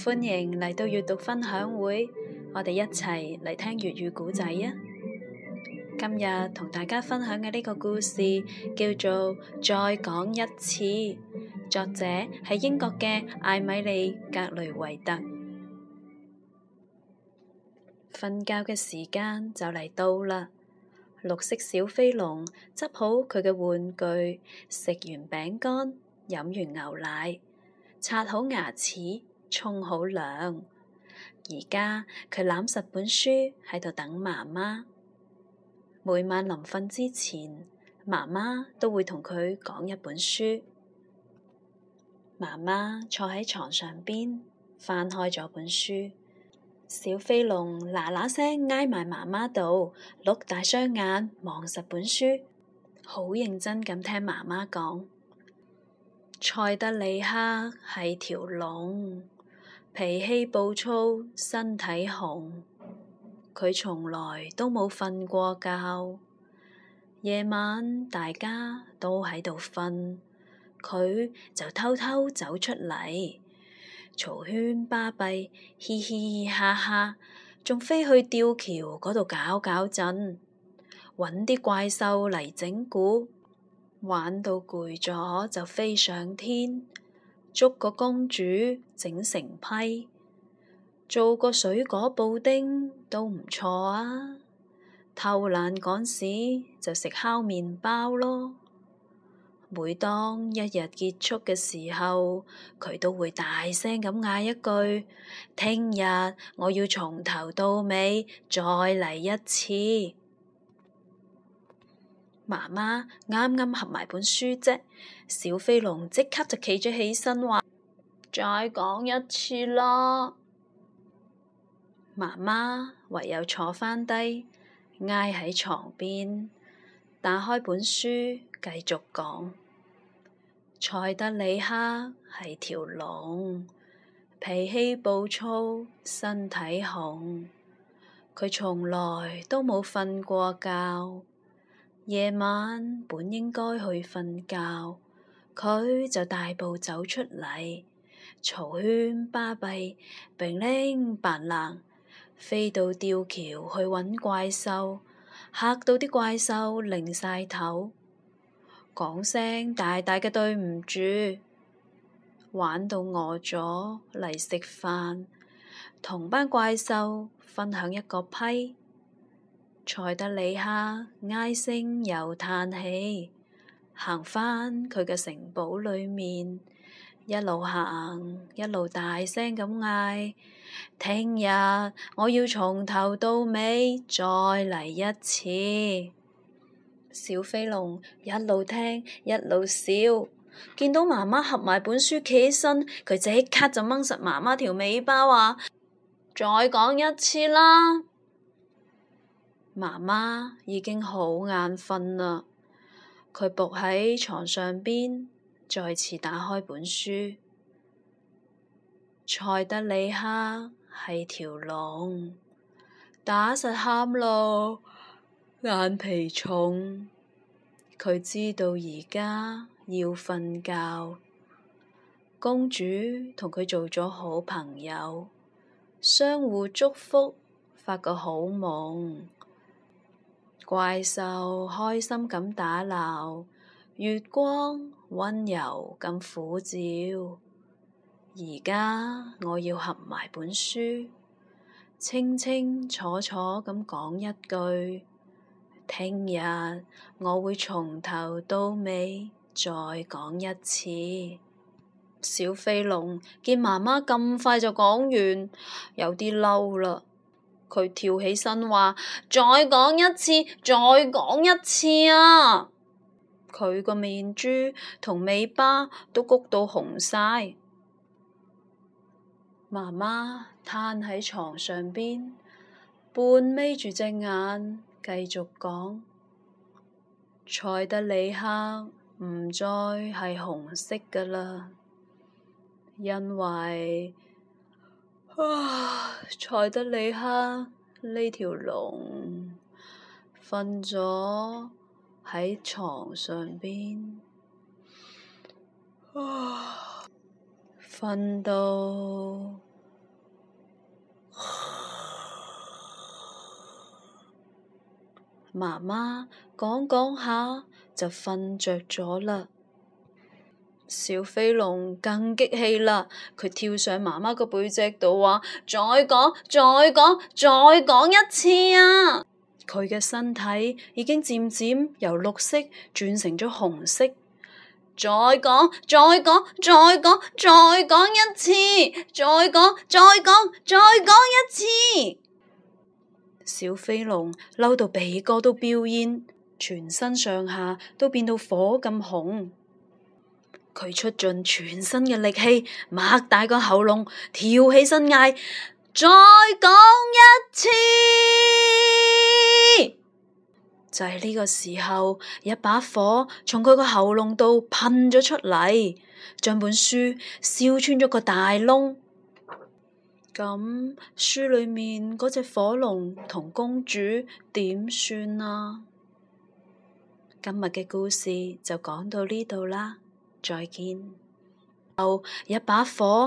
歡迎嚟到閱讀分享會，我哋一齊嚟聽粵語古仔啊！今日同大家分享嘅呢個故事叫做《再講一次》，作者係英國嘅艾米莉·格雷維特。瞓覺嘅時間就嚟到啦，綠色小飛龍執好佢嘅玩具，食完餅乾，飲完牛奶，刷好牙齒。沖好涼，而家佢攬實本書喺度等媽媽。每晚臨瞓之前，媽媽都會同佢講一本書。媽媽坐喺床上邊，翻開咗本書，小飛龍嗱嗱聲挨埋媽媽度，碌大雙眼望實本書，好認真咁聽媽媽講。塞德里克係條龍。脾氣暴躁，身體紅，佢從來都冇瞓過覺。夜晚大家都喺度瞓，佢就偷偷走出嚟，嘈喧巴閉，嘻嘻嘻哈哈，仲飛去吊橋嗰度搞搞震，揾啲怪獸嚟整蠱，玩到攰咗就飛上天。捉個公主整成批，做個水果布丁都唔錯啊！偷懶趕時就食烤麵包咯。每當一日結束嘅時候，佢都會大聲咁嗌一句：聽日我要從頭到尾再嚟一次。媽媽啱啱合埋本書啫，小飛龍即刻就企咗起身，話再講一次啦。媽媽唯有坐翻低，挨喺床邊，打開本書繼續講。賽德里克係條龍，脾氣暴躁，身體紅，佢從來都冇瞓過覺。夜晚本應該去瞓覺，佢就大步走出嚟，嘈喧、巴閉，平拎扮冷，飛到吊橋去揾怪獸，吓到啲怪獸擰晒頭，講聲大大嘅對唔住，玩到餓咗嚟食飯，同班怪獸分享一個批。賽德里克唉聲又嘆氣，行返佢嘅城堡裏面，一路行一路大聲咁嗌：聽日我要從頭到尾再嚟一次。小飛龍一路聽一路笑，見到媽媽合埋本書企起身，佢即刻就掹實媽媽條尾巴話：再講一次啦。媽媽已經好眼瞓啦，佢伏喺床上邊，再次打開本書。塞德里哈係條龍，打實喊路，眼皮重。佢知道而家要瞓覺，公主同佢做咗好朋友，相互祝福，發個好夢。怪獸開心咁打鬧，月光溫柔咁撫照。而家我要合埋本書，清清楚楚咁講一句：「聽日我會從頭到尾再講一次。」小飛龍見媽媽咁快就講完，有啲嬲啦。佢跳起身話：再講一次，再講一次啊！佢個面珠同尾巴都谷到紅晒。媽媽攤喺床上邊，半眯住隻眼繼續，繼續講：塞德里克唔再係紅色㗎喇，因為。啊，蔡德里克呢條龍瞓咗喺床上邊，啊，瞓到，啊，媽媽講講下就瞓着咗啦。小飛龍更激氣啦！佢跳上媽媽個背脊度話：再講，再講，再講一次啊！佢嘅身體已經漸漸由綠色轉成咗紅色。再講，再講，再講，再講一次！再講，再講，再講一次！小飛龍嬲到鼻哥都飆煙，全身上下都變到火咁紅。佢出盡全身嘅力氣，擘大個喉嚨跳起身嗌，再講一次。 就係呢個時候，一把火從佢個喉嚨度噴咗出嚟，將本書燒穿咗個大窿。咁書裏面嗰隻火龍同公主點算啊？今日嘅故事就講到呢度啦。再見後，一把火。